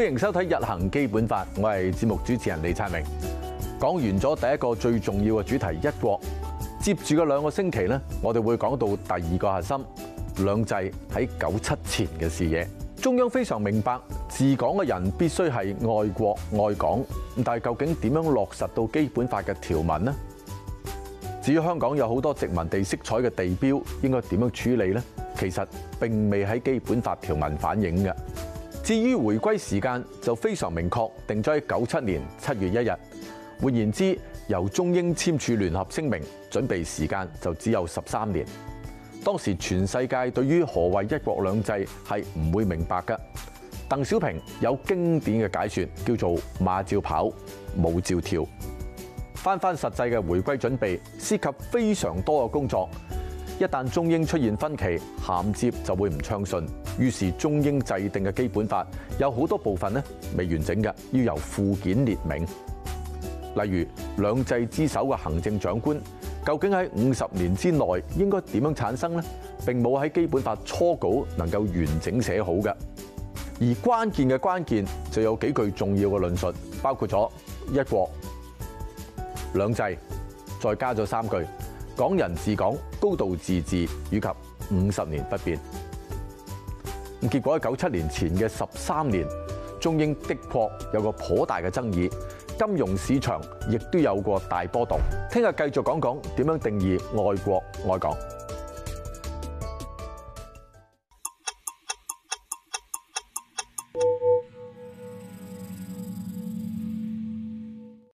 歡迎收睇《日行基本法》，我係節目主持人李燦榮。講完咗第一個最重要嘅主題一國，接住嘅兩個星期呢，我哋會講到第二個核心兩制喺九七前嘅視野。中央非常明白，治港嘅人必須係愛國愛港，但係究竟點樣落實到基本法嘅條文呢？至於香港有好多殖民地色彩嘅地標，應該點樣處理呢？其實並未喺基本法條文反映嘅。至於回歸時間就非常明確，定咗喺九七年七月一日。換言之，由中英簽署聯合聲明，準備時間就只有十三年。當時全世界對於何謂一國兩制係唔會明白㗎。鄧小平有經典嘅解説，叫做馬照跑，舞照跳。返返實際嘅回歸準備，涉及非常多嘅工作。一旦中英出現分歧，銜接就會唔暢順，於是中英制定嘅基本法有好多部分呢未完整嘅，要由附件列明。例如兩制之首嘅行政長官，究竟喺五十年之內應該點樣產生咧？並冇喺基本法初稿能夠完整寫好嘅。而關鍵嘅關鍵就有幾句重要嘅論述，包括咗一國兩制，再加咗三句。港人治港、高度自治以及五十年不變。咁結果喺九七年前嘅十三年，中英的確有個頗大嘅爭議，金融市場亦都有過大波動。聽日繼續講講點樣定義愛國愛港。